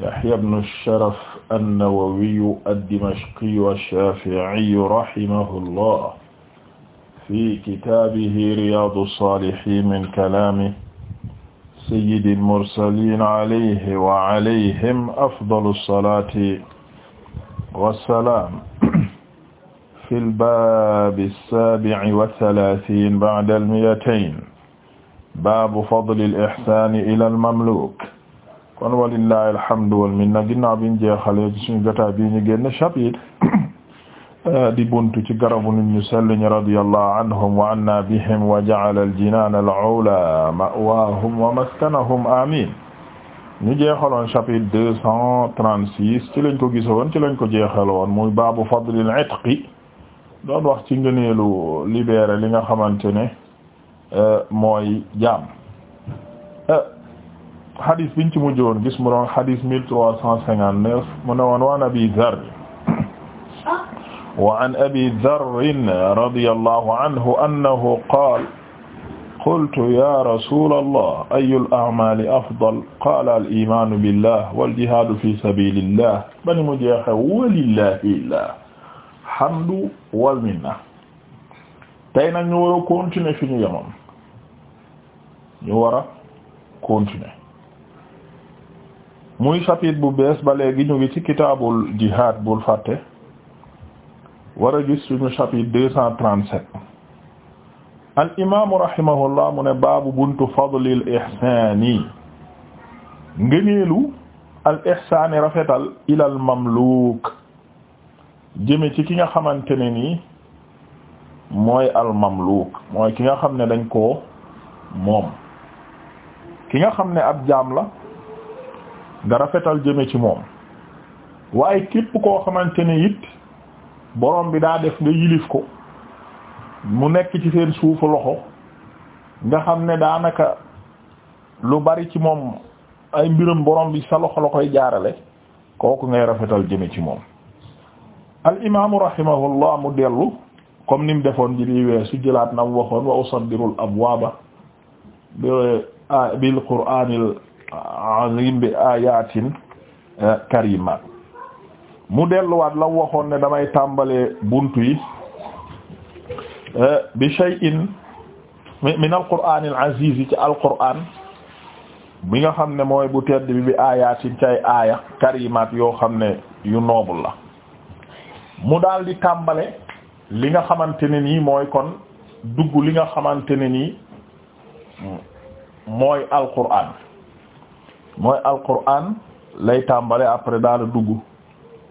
Yahya ibn Sharaf an-Nawawi ad-Dimashqi ash-Shafi'i rahimahullah fi kitaabihi Riyaadu s-Saalihiin min kalaami sayyidil mursaliin alayhi wa alayhim afdalu s-salaati wa s-salaam fil baabi s-saabi'i wa s-salaasiin ba'da l-mi'atayn baabu fadli l-ihsaani ilal mamluuk kon walillahi alhamdu wal minna ginnaaw biñ jeexalee ci suñu jotaay bii ñu génn chapitre euh, di buntu ci garabu nit ñu sell ñi radiyallahu anhum wa anna bihim wa ja'ala al-jinana al-'ula ma'wahum ñu jeexaloon chapitre deux cent trente ci lañ ko gisoon ci lañ ko jeexaloon muy baabu fadlil itqi doon wax ci ngëneelu libéré li nga xamante ne euh, mooy jaam euh, xadis biñ ci mujj woon gis mu doon xadis mille trois cent cinquante neuf mu ne woon waan abi Dharr wa an abi Dharr radiyallahu anhu annahu qaala qultu ya rasulallah ayyul a'maali afdal qaala al-iimaanu billah wal jihaadu fi sabiilillah bani mu jeexe walillaahil hamdu wal minna tey nag ñu war a continuer fi ñu yemoon ñu war a continuer muy chapitre bu bees ba léegi ñu ngi ci kitaabul jihad bul fàtte war a gis suñu chapitre deux cent trente-sept al imaamu rahimahullah mu ne baabu buntu fadlil ihsaani ngëneelu al ihsaani rafetal ilal mamluuk jëme ci ki nga xamante ne nii mooy al mamluuk mooy ki nga xam ne dañ ko moom ki nga xam ne ab jaam la nga rafetal jëme ci moom waaye képp koo xamante ne boroom bi daa def nga yilif ko mu nekk ci seen suufu loxo nga xam ne daanaka lu bari ci moom ay mbiram borom bi sa loxo la koy jaarale kooku ngay rafetal jëme ci moom al imaamu rahimahullah mu dellu comme ni defoon ji di weesu jëlaat na mu waxoon wa usaddirul abwaaba bil qur'aanil azim bi ayatin eh, mu delluwaat la waxoon ne damay tàmbalee bunt yi eh, bi shay'in min alqur'an al-aziz yi ci alqur'an bi nga xam ne mooy bu tedd bi bi ayatin cay aaya karimat yoo xam ne yu noble la mu daal di tàmbale li nga xamante ne nii mooy kon dugg li nga xamante ne nii mm, mooy alqur'an mooy alquran lay tàmbale après daal dugg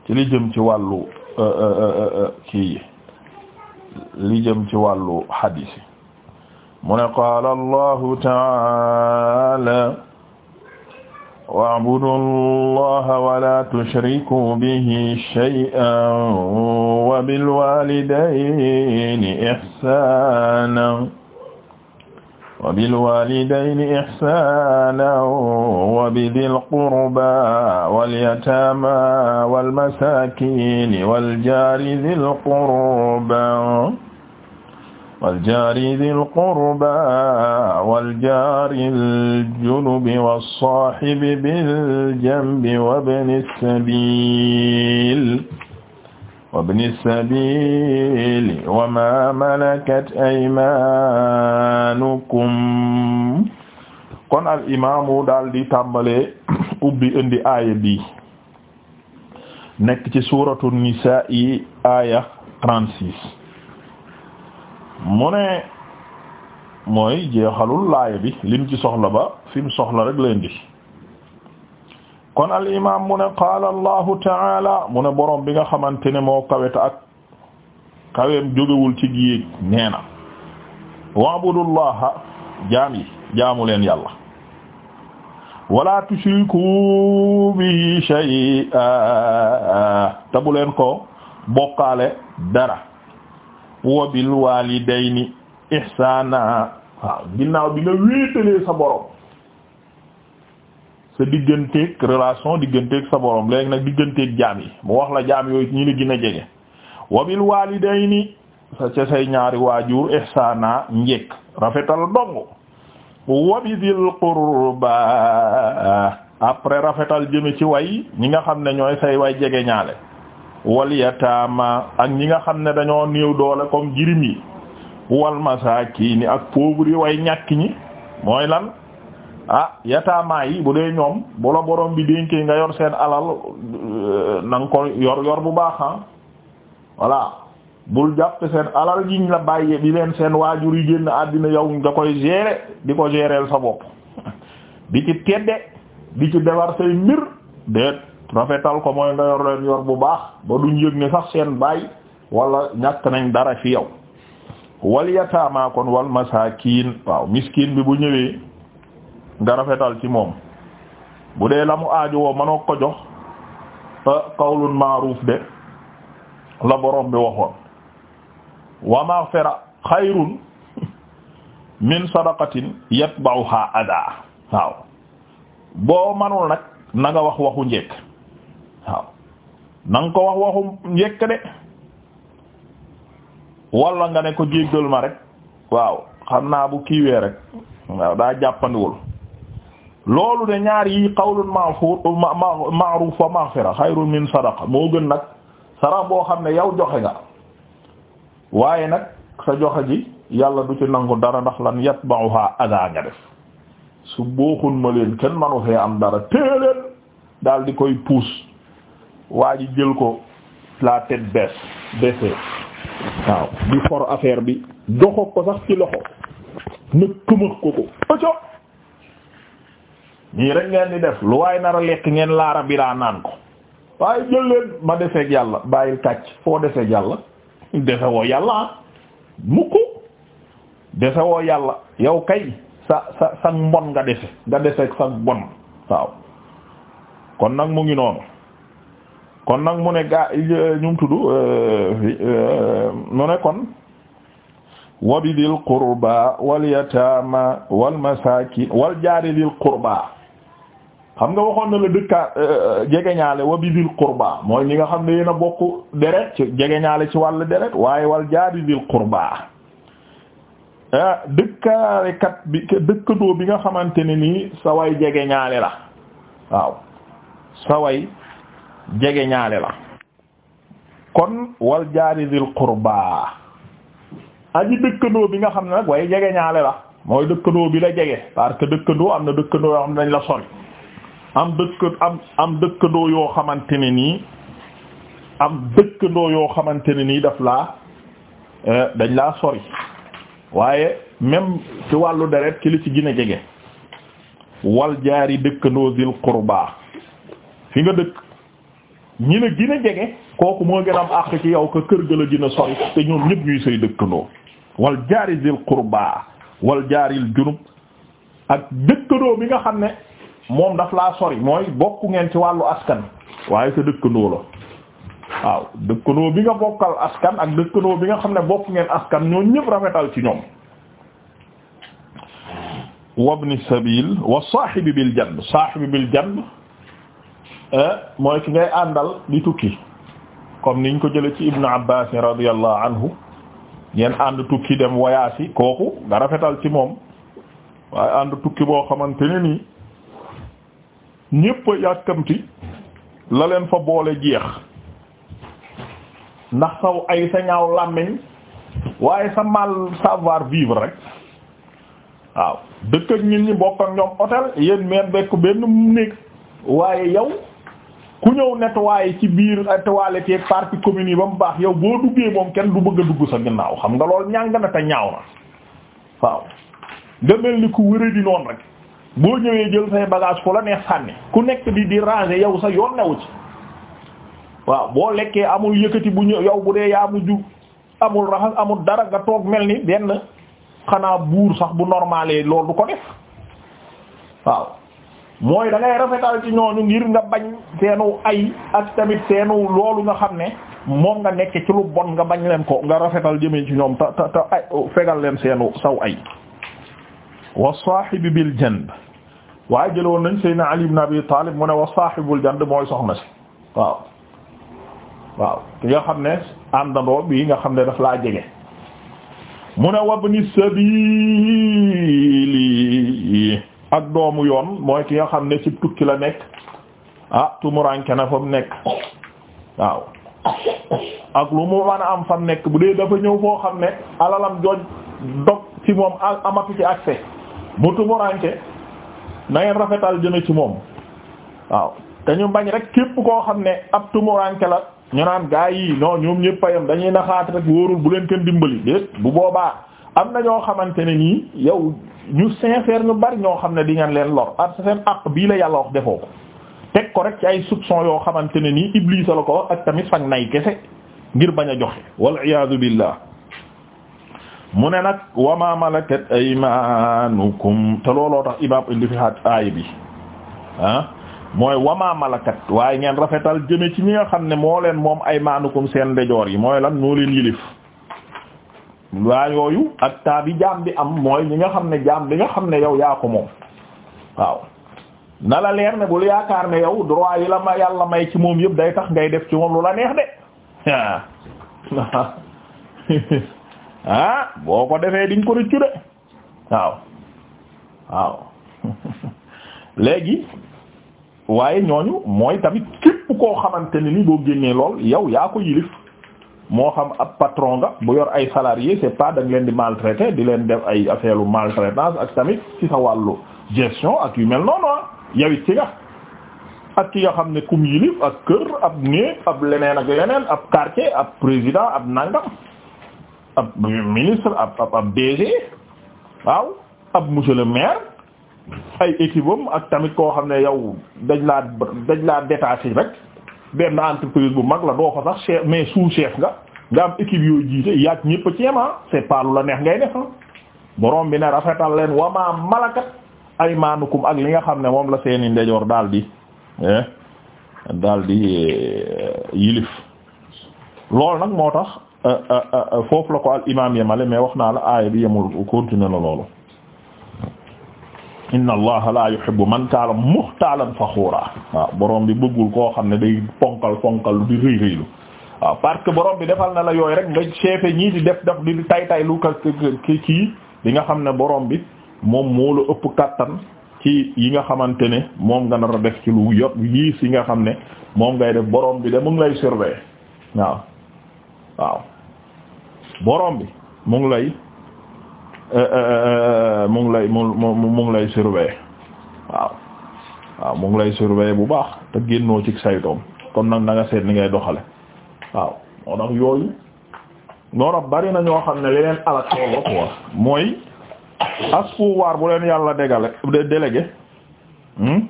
ci li jëm ci wàllu euh, euh, euh, kii yi li jëm ci wàllu hadis yi mu ne qaala allahu taala wa'budu allaha wala tushriku bihi shay'an wa bil walidayni ihsana wa bilwalidayni ihsanan wa bidil qurba wal yataama wal masaakini wal jaari dil qurba wal jaari dil qurba wal jaaril junubi was saahibi bil janbi wabni sabiil wabni sabili wama malakat aymanukum kon al imaamu daal di tàmbalee ubbi indi aaya bi nekk ci suuratu nisaa yi aaya trente-six mu ne mooy jeexalul laaya bi lim ci soxla ba fi mu soxla rek leen di kon al imaam mu ne qaala taala mu ne borom bi nga xamante ne moo kaweta ak kaweem jógewul ci géej nena na waabudullaha jaam yi jaamu leen yàlla wala tushriku bihi shay'a te bu ko bokkaale dara wa bil walidayni ihsana waaw ginnaaw bi nga borom sa digganteeg relation digganteeg sa borom léegi nag digganteeg jaam yi mu wax la jaam yooyu ñi la gën a jege wabil walidayni sa ca say ñaari waajur ihsana njekk rafetal dong wabidil qurba après rafetal jëme ci way ñi nga xam ne ñooy say way jege ñaale wal ak ñi nga xam ne dañoo néew doole comme jirim yi wal masakini ak pauvre yi way ñàkk ñi mooy lan a ah yataamaa yi bu dee ñoom bu la borom bi dénkee nga yor seen alal euh, na ko yor yor bu baax ah voilà bul jàpp seen alal jiñ la bàyyee bi leen seen waajur yi génn àddina yow nga koy gérer di ko gérer sa bopp di ci tedde di ci defar say mbir déet rafetal ko mooy nga yor leen yor bu baax ba duñ yëg ne sax seen baay wala ñàkk nañ dara fi yow wal yataamaa kon wal masaakiin waaw miskin bi bu ñëwee nga rafetal ci moom bu dee la mu aajo woo mënoo ko jox qawlun ma'ruf de la borom bi waxoon wa maghfira xayrun min sadaqatin yatba'uha ada waaw boo manul nag na wax waxu njekk waaw na ko wax waxu njekk de wala nga ne ko jéggal ma rek waaw xam naa bu kiiwee rek waaw daa jàppandiwul loolu ne ñaar yi qawlun ma'fur ma'ruf wa maghfira xayrun min sadaqa moo gën nag sarax boo xam ne yow joxe nga waaye nag sa joxe ji yàlla du ci nangu dara ndax lan yatba'uha adha nga def su booxun ma leen kenn manu fee am dara téeléen daal di koy puus waa ji jël ko la tête baisse baissée waaw di for affaire bi joxo ko sax ci loxo ne këmax ko ko ñii rek ngeen di def lu waaye nara a lekk ngeen laara biraa naan ko waaye jël leen ma defeeg yàlla bàyyil kàcc foo defeeg yàlla defe woo yàlla ah mukk defe woo yàlla yow kay sa sa sa mbon nga defe nga defeeg sa mbon waaw kon nag mu ngi noonu kon nag mu ne gaa ñu tudd e, e, mu ne kon wa bi dil qurba wal yataama wal masaakin wal jaari dil xam nga waxoon na la dëkka euh, euh, jegeñaale wa bi dil qurba mooy ñi nga xam ne yéen a bokk deret ci jegeñaale ci wàll deret waaye wal jaari dil qurba ah, dëkkaalekat bi dëkkatoo bi nga xamante ne nii sa way jegeñaale la waaw sa way jegeñaale la kon wal jaari dil qurba aji dëkkandoo bi nga xam ne nag waaye jegeñaale la mooy dëkkandoo bi la jege parce que dëkkandoo am na dëkkandoo yoo xam ne dañ la sori am dëkk am dëkkandoo yoo xamante ne nii am dëkkandoo yoo xamante ne nii daf laa eh, dañ laa sori waaye même ci wàllu deret ci li ci gën jege wal jaari dëkkandoo zil qurba fi nga dëkk ñi la gën a jege kooku moo gën am àq ci yow ko kër ga la gën a sori te ñoom ñëpp ñuy say dëkkandoo wal jaari zil qurba wal jaaril junub ak dëkkandoo bi nga xam ne moom daf laa sori mooy bokku ngeen ci wàllu askan waaye sa dëkkandoo la waaw dëkkandoo bi nga bokkal askan ak dëkkandoo bi nga xam ne bokk ngeen askan ñoo ñëpp rafetal ci ñoom wabni sabil wa saahibi bil janb saahibi bil eh, mooy ki ngay àndal di tukki comme niñ ko jële ci ibnu abbas radiyallahu anhu ngeen ànd tukki dem voyage yi kooku nga rafetal ci moom waaye ànd tukki boo xamante ne nii ñépp a yàkkamti la leen fa boole jeex ndax saw ay sa ñaaw làmmiñ waaye sa mal savoir vivre rek waaw dëkk ak nit ñi bokk ak ñoom hôtel yéen meen bekk benn néeg waaye yow ku ñëw nettoyer ci biir toilette yeeg partie commune yi ba mu baax yow boo duggee moom kenn du bëgg a dugg sa ginnaaw xam nga lool ñàng na te ñaaw na waaw nga mel ni ku wëree di noonu rek boo ñëwee jël say bagage fu la neex sànni ku nekk di di ranger yow sa yoon newu ci waaw boo lekkee amul yëkkati bu ñëw yow bu dee yaa mujj amul raxas amul dara nga toog mel ni benn xanaa buur sax bu normalee loolu du ko def waaw mooy da ngay rafetal ci ñooñu ngir nga bañ seenu ay ak tamit seenu loolu nga xam ne moom nga nekk ci lu bon nga bañ leen ko nga rafetal jëmee ci ñoom ta ta fegal leen seenu saw ay wa saahibi bil jand waaye jël woon nañ Seydina Ali ibn Abi Talib mu ne wa saahibul jand mooy soxna si waaw waaw ki nga xam ne àndandoo bii nga xam ne daf laa jege mu ne wabni sabili ak doomu yoon mooy ki nga xam ne ci tukki la nekk ah tumuranke na fa mu nekk waaw ak lu mu mën a am fa mu nekk bu dee dafa ñëw foo xam ne alalam jooj dog ci moom amatu ci accès mu tumuranke na rafetal jëme ci moom waaw te bañ rek képp koo xam ne ab tumuranke la ñu naan gaa yi non ñoom ñëpp a yem dañuy naxaat rek wóorul bu leen kenn dimbali déet bu boobaa am na ñoo xamante ne nii yow ñu sincère ñu bari ñoo xam ne di ngeen leen lor ak seen àq bii la yàlla wax defoo ko teg ko rek ci ay soupçon yoo xamante ne nii Iblis la ko wax ak tamit fag nay kese ngir bañ a joxe wal iyaadu billah mu ne nag wa ma malakat aymanukum te looloo tax imam indi fi xaat aay bi ah, mooy wa ma malakat waaye ngeen rafetal jëme ci ñi nga xam ne moo leen moom ay aymanukum seen ndejoor yi mooy lan moo leen yilif waa yooyu ak taa bi jaam bi am mooy ñi nga xam ne jaam bi nga xam ne yow yaa ko moom waaw na la leer ne bul yaakaar ne yow droit yi la ma yàlla may ci moom yëpp day tax ngay def ci moom lu la neex de ah boo ko defee diñ ko rëccu de waaw waaw léegi waaye ñooñu mooy tamit képp koo xamante ne ni boo génnee lool yow yaa ko yilif moo xam ab patron nga bu yor ay salarié c'est pas da leen di maltraiter di leen def ay affaire lu maltraitance ak tamit ci sa wàllu gestion ak yu mel noonu ah yow it ci nga ak ki nga xam ne kum yilif ak kër ab néeg ab leneen ak leneen ab quartier ab président ab nangam ab ministre ab ab ab waaw ab monsieur le maire ay équipe ak tamit koo xam ne yow dañ laa dañ laa détaché rek benn entreprise bu mag la doo ko sax mais sous chef nga nga am équipe yooyu jiite yaag ñëpp a ceema ah. c'est pas la neex ngay def ah. borom bi ne rafetal leen wamaa malakat ay maanukum ak li nga xam ne moom la seeni ndejoor daal di eh, daal di eh, yilif loolu nag moo tax Euh, euh, euh, foofu la ko al imaam yemale mais wax naa la aaya bi yemul continuer la loolu inna allaha la yuhibbu man kaala muxtaalan faxuura waaw borom bi bëggul koo xam ne day ponkal ponkal di rëy rëylu waaw parce que borom bi defal na la yooyu rek nga ceefe ñii di def daf di tay tay lu kii bi nga xam ne boroom bi moom moo la ëpp kattan ci yi nga xamante ne moom nga nar def ci lu yot yiis yi nga xam ne moom ngay def borom bi de mu lay surveiller waaw waaw borom bi mu ngi lay eh, eh, eh, mu ngi lay mu lay surveiller waaw waaw mu ngi lay surveiller bu baax te génnoo ci saytoom kon nag na seet ni ngay doxale waaw moo tax yooyu noo bari na ñoo xam ne leneen alal loolu quoi mooy as pouvoir bu leen yàlla dégale délégué hmm?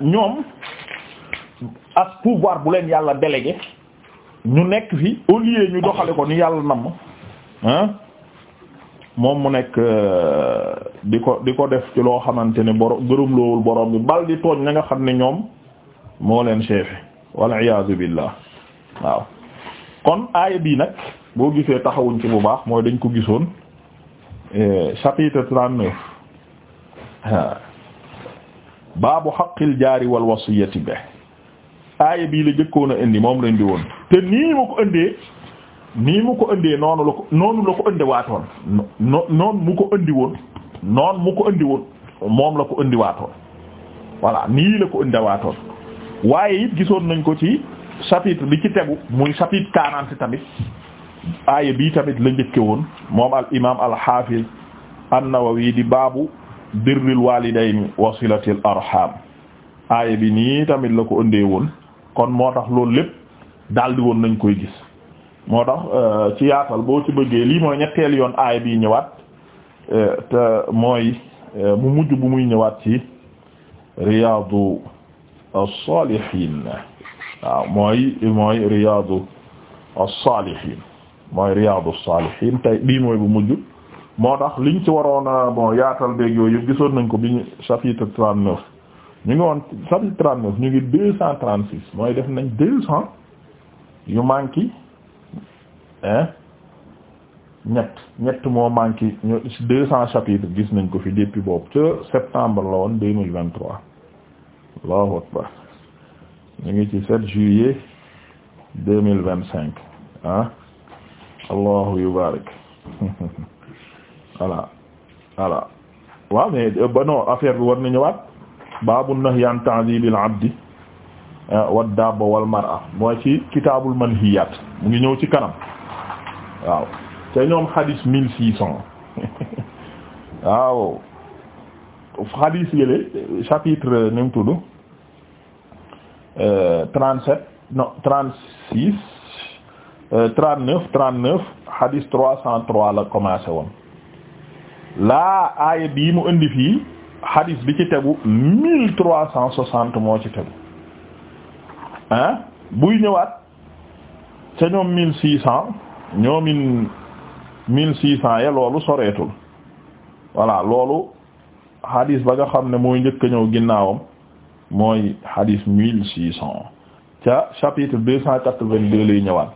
ñoom as pouvoir bu leen yàlla délégué ñu nekk fi au lie ñu doxale ko ni yàlla namm ah moom mu nekk euh, di ko di ko def ci loo xamante ne borom gërëm loowul borom bi bal di tooñ na nga xam ne ñoom moo leen seefe wal iyaazu billah waaw kon aaya bii nag boo gisee taxawuñ ci bu baax mooy dañ ko gisoon euh, chapitre trente baabu xaqil jaari wal wasiyati be aaya bii la jëkkoon a indi moom la indi woon te nii ma ko indee nii mu ko indee noonu la ko noonu la ko indi waatoon no mu ko indi woon noonu mu ko indi woon moom la ko indi waatoon voilà nii la ko indi waatoon waaye it gisoon nañ ko ci chapitre li ci tegu muy chapitre quarante tamit aaya bii tamit la njëkke woon moom al imam al hafiz an di baabu birril walidayni wa silatil arham bi nii tamit la ko ëndee woon kon moo tax loolu lépp daldi woon nañ koy gis moo tax euh, ci yaatal boo ci bëggee lii mooy ñetteel yoon aay bii ñëwaat euh, te mooy euh, mu mujj bu muy ñëwaat ci Riyadu as-Salihin waaw mooy mooy Riyadu as-Salihin mooy Riyadu as-Salihin tey bii mooy bu mujj moo tax liñ ci waroon a bon yaatal beeg yooyu yëpp gisoon nañ ko bi ñu chapitre 39 ñu ngi woon chapitre trente-neuf ñu ngi deux cent trente-six mooy def nañ deux cent yu manqué hein ñett ñett moo manqué ñu deux cent chapitres gis nañ ko fi depuis boobu ca septembre la woon deux mille vingt-trois Allahu akbar ñu ngi ci sept juillet deux mille vingt-cinq ah Allahu yubarik voilà voilà waaw mais euh, ba non affaire bi war nañu ñëwaat baabu nahyi an ta'dibil abdi eh, wad dabba wal mar'a mooy ci kitaabul manhiyaat mu ngi ñëw ci kanam waaw te ñoom xadis mille six cent waaw xadis yële chapitre eh, nu mu tudd eh, trente sept non trente six trente neuf trente neuf xadis trois cent trois la commencé woon laa aaya bii mu indi fii hadis bi ci tegu mille trois cent soixante moo ci tegu ah buy ñëwaat ca ñoom mille six cent ñoomin mille six cent ya loolu soreetul voilà loolu hadis ba nga xam ne mooy njëkk a ñëw ginnaawam mooy hadis mille six ca chapitre deux cent quatre-vingt-deux lay ñëwaat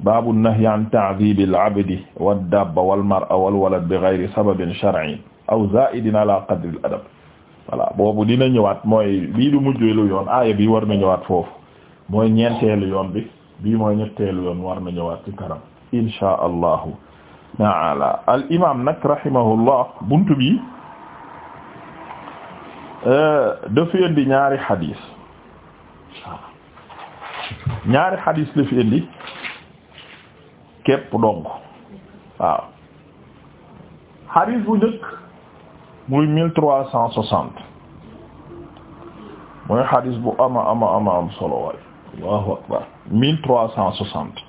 baabu nahyi an ta'dibil abdi wad dabba wal mar'a wal walad bi ghayri sababin shar'i aw zaidin ala qadri adab voilà boobu dina ñëwaat mooy bii du mujjeelu yoon aaya bi war na ñëwaat foofu mooy ñeenteelu yoon bi bii mooy ñetteelu yoon war na ñëwaat ci kanam inshaa allahu taala al imam nag rahimahullah buntu bi euh, dafa indi ñaari xadis ñaari xadis la fi indi képp dong waaw bu njëkk muy mille trois cent soixante mooy xadis bu ama ama ama am solo waay allahu akbar mille trois cent soixante